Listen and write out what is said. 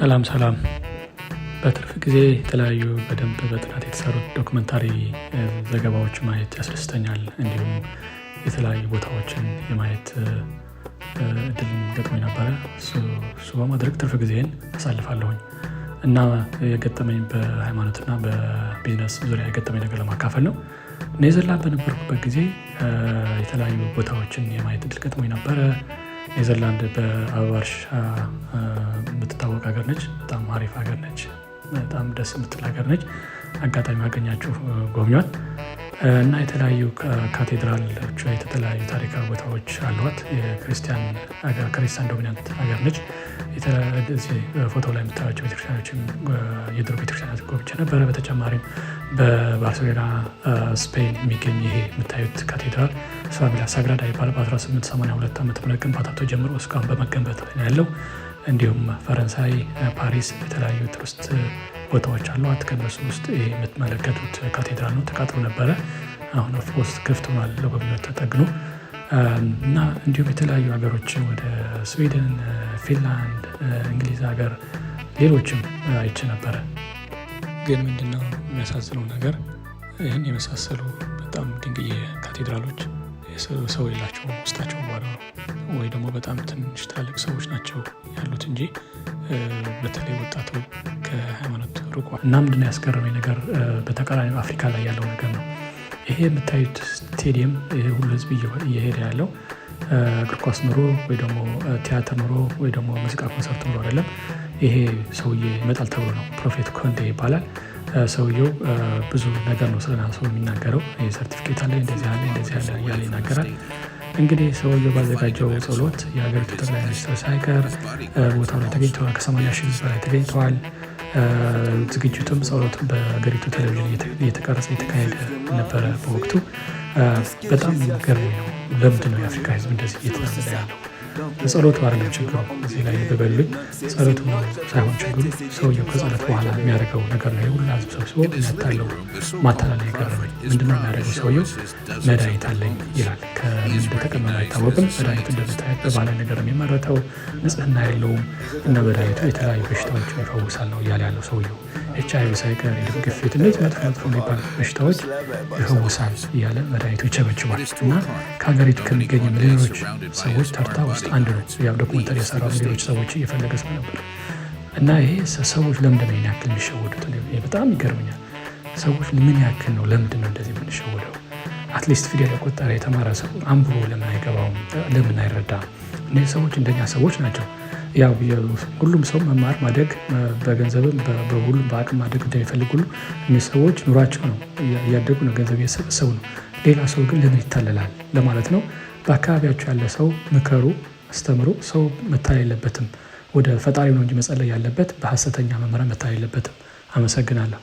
ሰላም ሰላም። በትርፍ ጊዜ የተለያዩ በደንብ በጥናት የተሰሩት ዶክመንታሪ ዘገባዎች ማየት ያስደስተኛል። እንዲሁም የተለያዩ ቦታዎችን የማየት እድል ገጥሞኝ ነበረ። እሱ በማድረግ ትርፍ ጊዜን አሳልፋለሁኝ እና የገጠመኝ በሃይማኖትና በቢዝነስ ዙሪያ የገጠመኝ ነገር ለማካፈል ነው። ኔዘርላንድ በነበርኩበት ጊዜ የተለያዩ ቦታዎችን የማየት እድል ገጥሞኝ ነበረ። ኔዘርላንድ በአበባ እርሻ የምትታወቅ ሀገር ነች። በጣም አሪፍ ሀገር ነች። በጣም ደስ የምትል ሀገር ነች። አጋጣሚ አገኛችሁ ጎብኟል እና የተለያዩ ካቴድራሎች የተለያዩ ታሪካዊ ቦታዎች አሏት። የክርስቲያን ክርስቲያን ዶሚናንት ሀገር ነች። ፎቶ ላይ የምታያቸው ቤተክርስቲያኖችን የድሮ ቤተክርስቲያናት ጎብቼ ነበረ። በተጨማሪም በባርሴሎና ስፔን የሚገኝ ይሄ የምታዩት ካቴድራል ፋሚሊያ ሳግራዳ ይባላል። በ1882 ዓ ም ግንባታው ጀምሮ እስካሁን በመገንበት ላይ ያለው እንዲሁም ፈረንሳይ ፓሪስ የተለያዩ ቱሪስት ቦታዎች አሏት። ከነሱ ውስጥ የምትመለከቱት ካቴድራል ነው። ተቃጥሎ ነበረ። አሁን ኦፍኮርስ ክፍት ሆኗል ለጎብኚዎች ተጠግኖ እና እንዲሁም የተለያዩ ሀገሮች ወደ ስዊድን፣ ፊንላንድ፣ እንግሊዝ ሀገር ሌሎችም አይች ነበረ። ግን ምንድነው የሚያሳዝነው ነገር ይህን የመሳሰሉ በጣም ድንቅዬ ካቴድራሎች ሰው የላቸው ውስጣቸው ባለ ነው ወይ ደግሞ በጣም ትንሽ ትላልቅ ሰዎች ናቸው ያሉት እንጂ በተለይ ወጣቱ ከሃይማኖት ርቆ እና ምንድነው ያስገረመኝ ነገር በተቃራኒ አፍሪካ ላይ ያለው ነገር ነው። ይሄ የምታዩት ስቴዲየም ሁሉ ህዝብ እየሄደ ያለው እግር ኳስ ኑሮ ወይ ደግሞ ቲያትር ኑሮ ወይ ደግሞ ሙዚቃ ኮንሰርት ኑሮ አይደለም። ይሄ ሰውዬ ይመጣል ተብሎ ነው። ፕሮፌት ኮንቴ ይባላል ሰውየው። ብዙ ነገር ነው ስለና ሰው የሚናገረው ሰርቲፊኬት አለ እንደዚህ ያለ እንደዚህ ያለ እያለ ይናገራል። እንግዲህ ሰውየው ባዘጋጀው ጸሎት የሀገሪቱ ጠቅላይ ሚኒስትር ሳይቀር ቦታው ላይ ተገኝተዋል። ሺህ በላይ ተገኝተዋል። ዝግጅቱም ጸሎት በሀገሪቱ ቴሌቪዥን እየተቀረጸ የተካሄደ ነበረ። በወቅቱ በጣም ገርሚ ነው። ለምንድን ነው የአፍሪካ ህዝብ እንደዚህ እየተናመለ ያለው? ጸሎት አይደለም ችግሩ እዚህ ላይ በበልግ ጸሎቱ ሳይሆን ችግሩ ሰውየው ከጸሎት በኋላ የሚያደርገው ነገር ላይ ሁላ ህዝብ ሰብስቦ የሚያታለው ማታለል የቀረበኝ ምንድነው የሚያደርገው ሰውየው መድኃኒት አለኝ ይላል። ከምን እንደተቀመመ አይታወቅም። መድኃኒት እንደምታየ በባህላዊ ነገር የሚመረተው ንጽህና የለውም እና መድኃኒቱ የተለያዩ በሽታዎች ይፈውሳል ነው እያለ ያለው ሰውየው ኤች አይቪ ሳይቀር እንዲሁም ግፊት፣ እንደዚህ መጥፎ መጥፎ የሚባል በሽታዎች ይፈውሳል እያለ መድኃኒቱ ይቸበችባል እና ከሀገሪቱ ከሚገኙ ሌሎች ሰዎች ተርታ ውስጥ አንዱ ነው። ያው ዶክመንተሪ የሰራው ሌሎች ሰዎች እየፈለገ ሰው ነበር እና ይሄ ሰዎች ለምንድን ነው ያክል የሚሸወዱት? በጣም ይገርምኛል። ሰዎች ምን ያክል ነው ለምንድን ነው እንደዚህ የምንሸወደው? አትሊስት ፊደል የቆጠረ የተማረ ሰው አንብቦ ለምን አይገባውም? ለምን አይረዳም? እነዚህ ሰዎች እንደኛ ሰዎች ናቸው። ያው ሁሉም ሰው መማር ማደግ በገንዘብም በሁሉም በአቅም ማደግ እንደሚፈልግ ሁሉ እነዚህ ሰዎች ኑሯቸው ነው እያደጉ ነው፣ ገንዘብ ሰው ነው። ሌላ ሰው ግን ለምን ይታለላል ለማለት ነው። በአካባቢያቸው ያለ ሰው ምከሩ፣ አስተምሩ። ሰው መታል የለበትም። ወደ ፈጣሪ ነው እንጂ መጸለይ ያለበት፣ በሀሰተኛ መምህራን መታል የለበትም። አመሰግናለሁ።